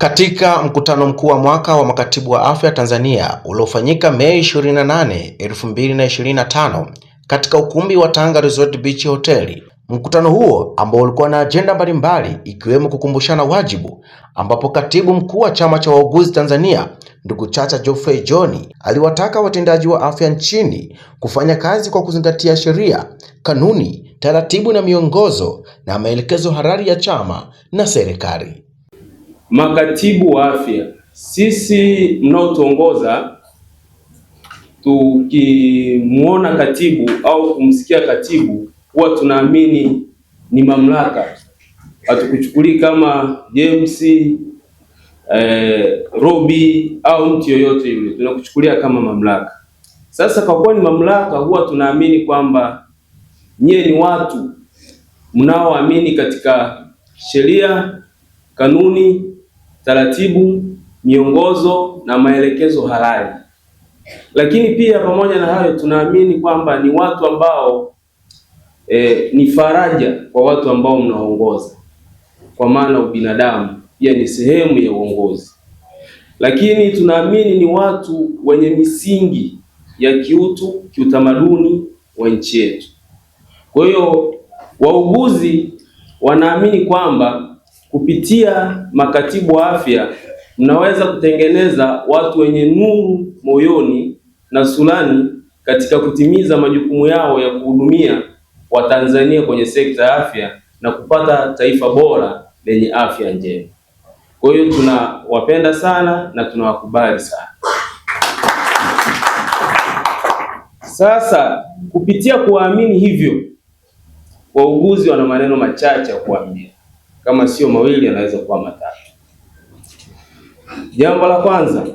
Katika mkutano mkuu wa mwaka wa makatibu wa afya Tanzania uliofanyika Mei 28, 2025 katika ukumbi wa Tanga Resort Beach Hotel. Mkutano huo ambao ulikuwa na ajenda mbalimbali ikiwemo kukumbushana wajibu, ambapo katibu mkuu wa chama cha wauguzi Tanzania ndugu Chacha Geoffrey John aliwataka watendaji wa afya nchini kufanya kazi kwa kuzingatia sheria, kanuni, taratibu na miongozo na maelekezo halali ya chama na serikali. Makatibu wa afya, sisi mnaotuongoza tukimwona katibu au kumsikia katibu huwa tunaamini ni mamlaka, hatukuchukulii kama James eh, Robi au mtu yoyote yule, tunakuchukulia kama mamlaka. Sasa kwa kuwa ni mamlaka, huwa tunaamini kwamba nyie ni watu mnaoamini katika sheria, kanuni taratibu, miongozo na maelekezo halali. Lakini pia pamoja na hayo, tunaamini kwamba ni watu ambao e, ni faraja kwa watu ambao mnaongoza, kwa maana ubinadamu pia ni sehemu ya uongozi. Lakini tunaamini ni watu wenye misingi ya kiutu, kiutamaduni wa nchi yetu. Kwa hiyo wauguzi wanaamini kwamba Kupitia makatibu wa afya mnaweza kutengeneza watu wenye nuru moyoni na sulani katika kutimiza majukumu yao ya kuhudumia Watanzania kwenye sekta ya afya na kupata taifa bora lenye afya njema. Kwa hiyo tunawapenda sana na tunawakubali sana. Sasa kupitia kuwaamini hivyo, wauguzi wana maneno machache ya kuambia kama sio mawili yanaweza kuwa matatu. Jambo la kwanza,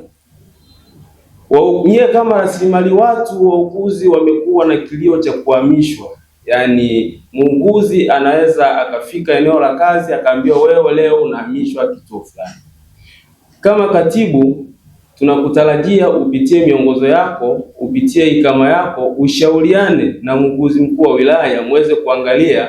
nyie kama rasilimali watu, wauguzi wamekuwa na kilio cha kuhamishwa. Yaani muuguzi anaweza akafika eneo la kazi akaambiwa, wewe leo unahamishwa kituo fulani. Kama katibu tunakutarajia upitie miongozo yako, upitie ikama yako, ushauriane na muuguzi mkuu wa wilaya muweze kuangalia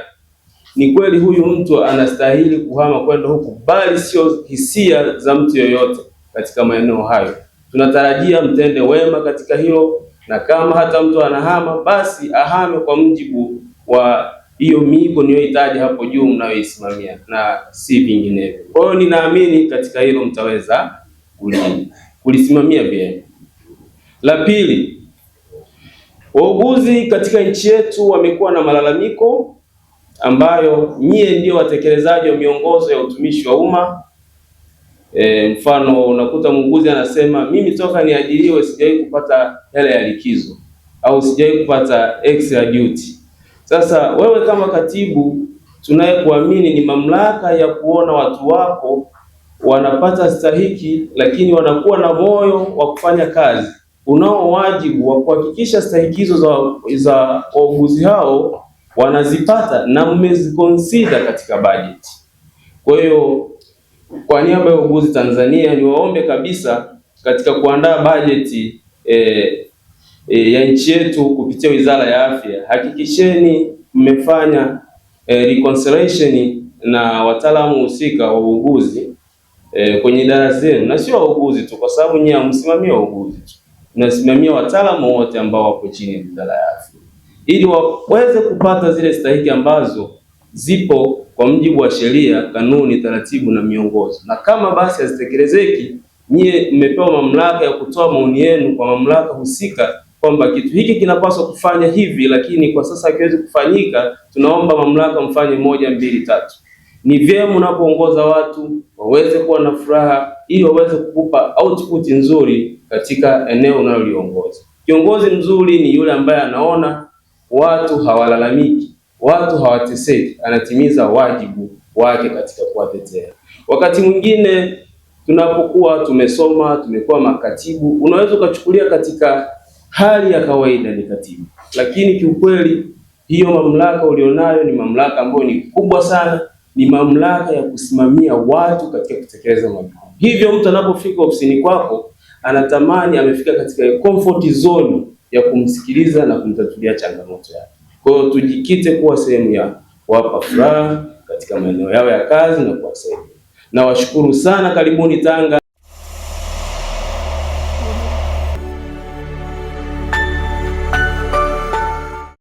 ni kweli huyu mtu anastahili kuhama kwenda huku, bali sio hisia za mtu yoyote katika maeneo hayo. Tunatarajia mtende wema katika hilo, na kama hata mtu anahama, basi ahame kwa mujibu wa hiyo miiko niyohitaji hapo juu mnayoisimamia na si vinginevyo. Kwa hiyo ninaamini katika hilo mtaweza kulisimamia vyema. La pili, wauguzi katika nchi yetu wamekuwa na malalamiko ambayo nyie ndio watekelezaji wa miongozo ya utumishi wa umma. E, mfano unakuta muuguzi anasema mimi toka niajiriwe sijawahi kupata hela ya likizo au sijawahi kupata extra duty. Sasa wewe kama katibu, tunayekuamini ni mamlaka ya kuona watu wako wanapata stahiki, lakini wanakuwa na moyo wa kufanya kazi. Unao wajibu wa kuhakikisha stahiki hizo za wauguzi hao wanazipata na mmezikonsida katika bajeti. Kwa hiyo kwa niaba ya uguzi Tanzania niwaombe kabisa katika kuandaa bajeti e, eh, e, eh, ya nchi yetu kupitia Wizara ya Afya, hakikisheni mmefanya e, reconciliation na wataalamu husika wa uuguzi e, kwenye idara zenu, na sio wauguzi tu, kwa sababu nyinyi hamsimamia wauguzi tu, nasimamia wataalamu wote ambao wapo chini ya Wizara ya Afya ili waweze kupata zile stahiki ambazo zipo kwa mujibu wa sheria, kanuni, taratibu na miongozo. Na kama basi hazitekelezeki, nyie mmepewa mamlaka ya kutoa maoni yenu kwa mamlaka husika kwamba kitu hiki kinapaswa kufanya hivi, lakini kwa sasa hakiwezi kufanyika, tunaomba mamlaka mfanye moja, mbili, tatu. Ni vyema unapoongoza watu waweze kuwa na furaha, ili waweze kukupa output nzuri katika eneo unaloliongoza. Kiongozi mzuri ni yule ambaye anaona watu hawalalamiki, watu hawateseki, anatimiza wajibu wake katika kuwatetea. Wakati mwingine tunapokuwa tumesoma, tumekuwa makatibu, unaweza ukachukulia katika hali ya kawaida ni katibu, lakini kiukweli hiyo mamlaka ulionayo ni mamlaka ambayo ni kubwa sana, ni mamlaka ya kusimamia watu katika kutekeleza majukumu. Hivyo mtu anapofika ofisini kwako anatamani amefika katika comfort zone ya kumsikiliza na kumtatulia changamoto yake. Kwa hiyo tujikite kuwa sehemu ya kuwapa furaha katika maeneo yao ya kazi na kuwasaidia. Nawashukuru sana, karibuni Tanga.